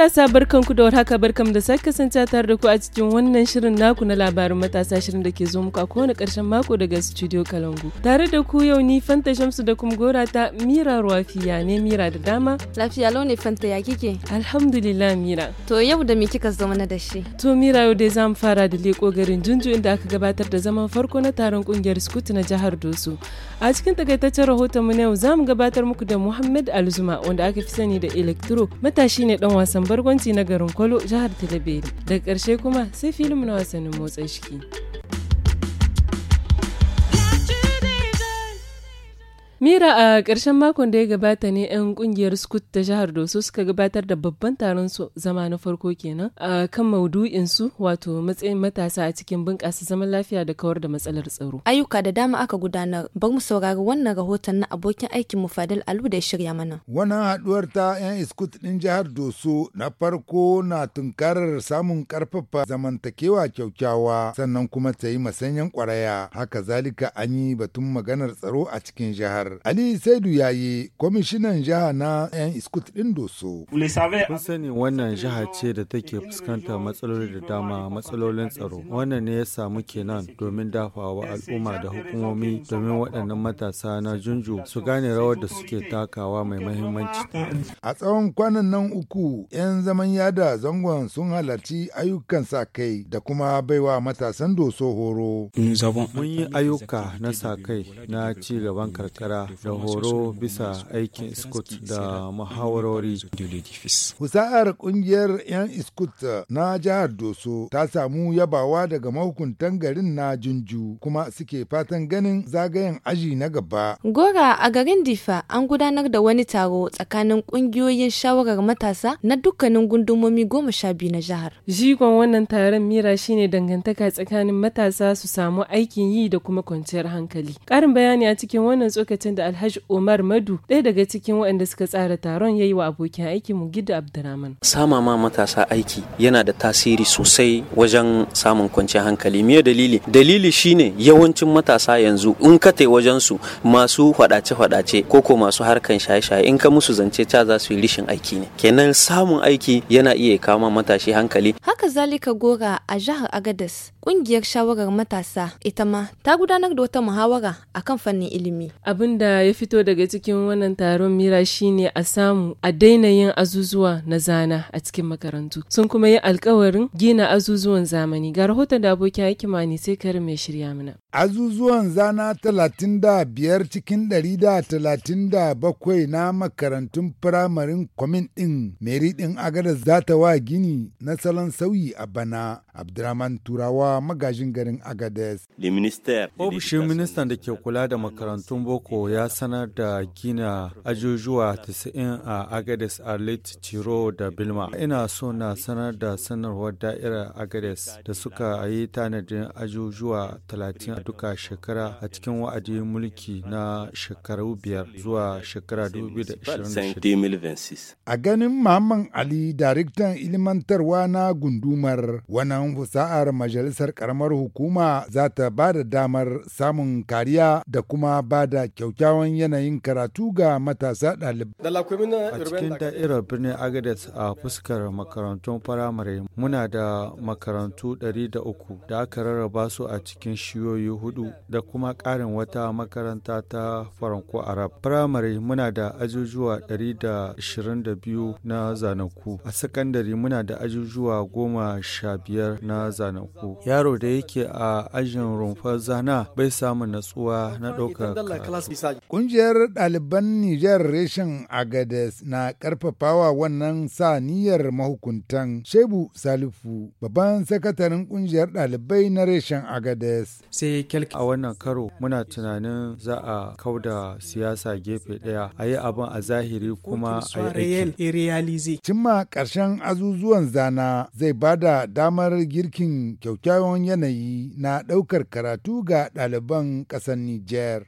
matasa barkanku da warhaka barkam da sake kasance tare da ku a cikin wannan shirin naku na labarin matasa shirin da ke zo muku a kowane karshen mako daga studio Kalangu. Tare da ku yau ni Fanta Shamsu da kuma gora ta Mira Rafiya ne Mira da dama. Lafiya lau ne Fanta ya kike? Alhamdulillah Mira. To yau da me kika zo mana da shi? To Mira yau dai za mu fara da leko garin Junju inda aka gabatar da zaman farko na taron kungiyar Scout na jihar dosu A cikin takaitaccen rahoton mu na yau za mu gabatar muku da Muhammad Alzuma wanda aka fi sani da Electro matashi ne dan wasan barkwanci na garin Kwalo jihar Talabere. Daga ƙarshe kuma sai filin na wasannin motsa shiki. Mira a ƙarshen makon da ya gabata ne 'yan ƙungiyar Scoot ta jihar Doso suka gabatar da babban taron su zama na farko kenan a kan maudu'in su wato matsayin matasa a cikin bunƙasa zaman lafiya da kawar da matsalar tsaro. Ayyuka da dama aka gudanar bar mu saurari wannan rahoton na abokin aikin mu Fadil Alu da shirya mana. Wannan haduwar ta 'yan Scoot ɗin jihar Doso na farko na tunkarar samun ƙarfafa zamantakewa kyaukyawa sannan kuma ta yi masanyan ƙwaraya haka zalika an yi batun maganar tsaro a cikin jihar. Ali Saidu yayi kwamishinan jiha na 'yan iskut ɗin doso. Kun sani wannan jiha ce da take fuskantar matsaloli da dama matsalolin tsaro. Wannan ne ya samu kenan domin dafawa al'umma da hukumomi domin waɗannan matasa na junju su gane rawar da suke takawa mai mahimmanci. A tsawon kwanan nan uku 'yan zaman yada zangon sun halarci ayyukan sa kai da kuma baiwa matasan doso horo. Mun yi ayyuka na sa kai na ci gaban karkara da horo bisa aikin scout da muhawarori. Husa'ar kungiyar 'yan iskut na jihar Doso ta samu yabawa daga mahukuntan garin na Junju kuma suke fatan ganin zagayen aji na gaba. Gora a garin Difa an gudanar da wani taro tsakanin kungiyoyin shawarar matasa na dukkanin gundumomi goma sha biyu na jihar. Jigon wannan taron mira shine dangantaka tsakanin matasa su samu aikin yi da kuma kwanciyar hankali. Ƙarin bayani a cikin wannan tsokacin lokacin da Alhaji Umar Madu ɗaya daga cikin waɗanda suka tsara taron ya yi wa abokin aiki mu Gida Abdurrahman. Sama ma matasa aiki yana da tasiri sosai wajen samun kwanciyar hankali. Me dalili? Dalili shine yawancin matasa yanzu in ka tai wajen su masu faɗace faɗace ko ko masu harkan shaye-shaye in ka musu zance ca za su yi rishin aiki ne. Kenan samun aiki yana iya kama matashi hankali. Haka zalika gora a jihar Agadez ƙungiyar shawarar matasa ita ma ta gudanar da wata muhawara akan fannin ilimi. Abin da ya fito daga cikin wannan taron mira shine a samu a daina yin azuzuwa na zana a cikin makarantu sun kuma yi alkawarin gina azuzuwan zamani ga rahoton da abokin aiki mani sai karin mai shirya mana Azuzuwan zana 35 cikin da bakwai na makarantun firamarin kwamin ɗin meri ɗin za ta wa gini na salon sauyi a bana abdurrahman turawa magajin garin agades ofishin ministan da ke kula da makarantun boko ya sanar da gina ajujuwa 90 a agades a late da bilma ina so na sanar da sanarwar da'irar agades da suka yi tanadin ajujuwa 30 duka shekara a cikin wa'adin mulki na shekaru biyar zuwa shekara 2026. A ganin Maman Ali, daraktan ilimantarwa na gundumar wannan fusa'ar majalisar karamar hukuma za ta ba da damar samun kariya da kuma ba da kyaukyawan yanayin karatu ga matasa ɗalibai. A cikin da'irar birnin Agadez a fuskar makarantun firamare muna da makarantu 300 da aka rarraba su a cikin shiyoyi hudu da kuma ƙarin wata makaranta ta Faranko Arab. Firamare muna da ajujuwa 122 na zanaku. A sakandare muna da ajujuwa goma sha biyar na zanaku. Yaro da yake a ajin rumfar zana bai samu natsuwa na ɗaukar Ƙungiyar ɗaliban Nijar reshen Agades na ƙarfafawa wannan sa niyyar mahukuntan Shebu Salifu, babban sakataren ƙungiyar ɗalibai na reshen Agades. Sai yi a wannan karo muna tunanin za a kau da siyasa gefe ɗaya a yi abin a zahiri kuma a yi aiki. Cimma ƙarshen azuzuwan zana zai ba da damar girkin kyaukyawan yanayi na ɗaukar karatu ga ɗaliban ƙasar Nijar.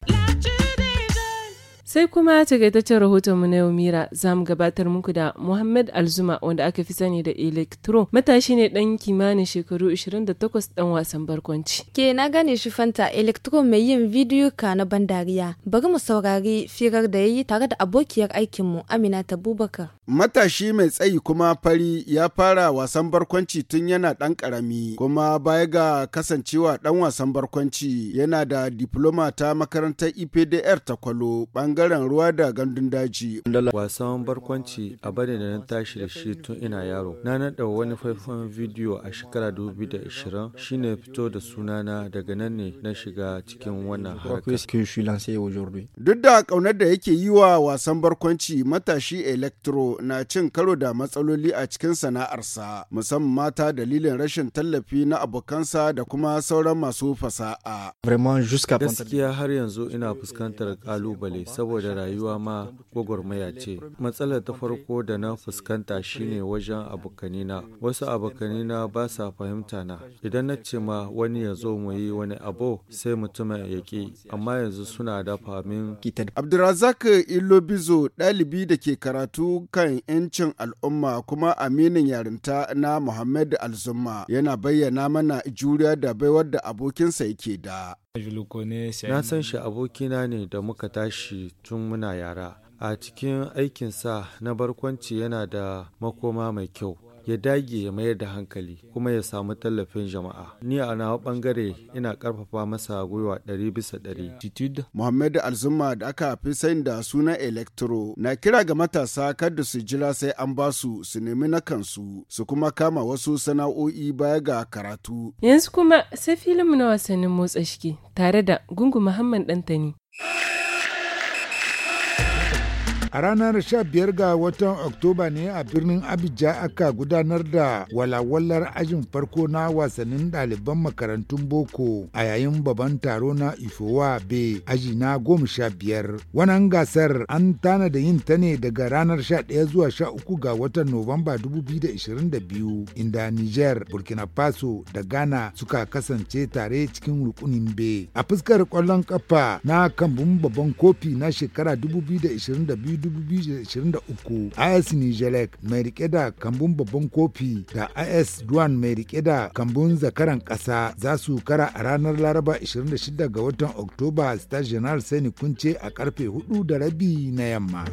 Sai kuma takaitaccen mu na yau Mira za mu gabatar muku da Muhammad Alzuma wanda aka fi sani da Electro. Matashi ne dan kimanin shekaru 28 ɗan wasan barkwanci. Ke na gane shi fanta Electro mai yin bidiyo ka na bandariya. Bari mu saurari firar da yayi tare da abokiyar aikin mu Amina Tabubakar. Matashi mai tsayi kuma fari ya fara wasan barkwanci tun yana dan karami kuma baya ga kasancewa dan wasan barkwanci yana da diploma ta makarantar IPDR ta kwalo ɓangaren bangaren ruwa da gandun daji. Wasan barkwanci a bane da na tashi da shi tun ina yaro. Na naɗa wani faifan bidiyo a shekara 2020 shine fito da sunana daga nan ne na shiga cikin wannan harkar. Duk da ƙaunar da yake yi wa wasan barkwanci matashi electro na cin karo da matsaloli a cikin sana'arsa musamman mata dalilin rashin tallafi na abokansa da kuma sauran masu fasa'a. Gaskiya har yanzu ina fuskantar kalubale saboda saboda rayuwa ma gwagwarmaya ce matsalar ta farko da na fuskanta shine wajen abokanina wasu abokanina ba sa fahimta na idan na ce ma wani ya zo mu yi wani abu sai mutumin ya ki amma yanzu suna dafa min abdulrazak ilobizo ɗalibi da ke karatu kan 'yancin al'umma kuma aminin yarinta na muhammad alzumma yana bayyana mana juriya da baiwar da abokinsa yake da Na san shi abokina ne da muka tashi tun muna yara. A cikin aikinsa na barkwanci yana da makoma mai kyau. ya dage ya mayar da hankali kuma ya samu tallafin jama'a ni a nawa bangare ina karfafa masa gwiwa ɗari bisa ɗari. Muhammadu Alzumma da aka fi sanda da suna Electro na kira ga matasa kada su jira sai an ba su su nemi na kansu su kuma kama wasu sana'o'i baya ga karatu. Yanzu kuma sai filin mu na wasannin motsa shiki tare da Gungu Muhammad Dantani. a ranar 15 ga watan oktoba ne a birnin abuja aka gudanar da walawalar ajin farko na wasannin ɗaliban makarantun boko a yayin babban taro na ifowa be aji na goma sha biyar wannan gasar an tana da yin ta ne daga ranar 11 zuwa 13 ga watan nuwamba 2022 inda niger burkina faso da ghana suka kasance tare cikin rukunin be a fuskar kwallon kafa na kambun babban kofi na shekara 2022 2023 AS Nijelek mai rike da kambun babban kofi da is Duan mai rike da kambun zakaran kasa za su kara a ranar Laraba 26 ga watan Oktoba Star General Sani Kunce a karfe 4 da rabi na yamma.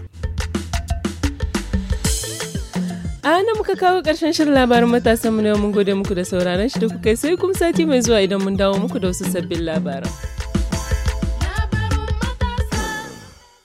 a nan muka kawo ƙarshen shirin labarin matasan mu na mun gode muku da sauraron shi da kuka sai kuma sati mai zuwa idan mun dawo muku da wasu sabbin labaran.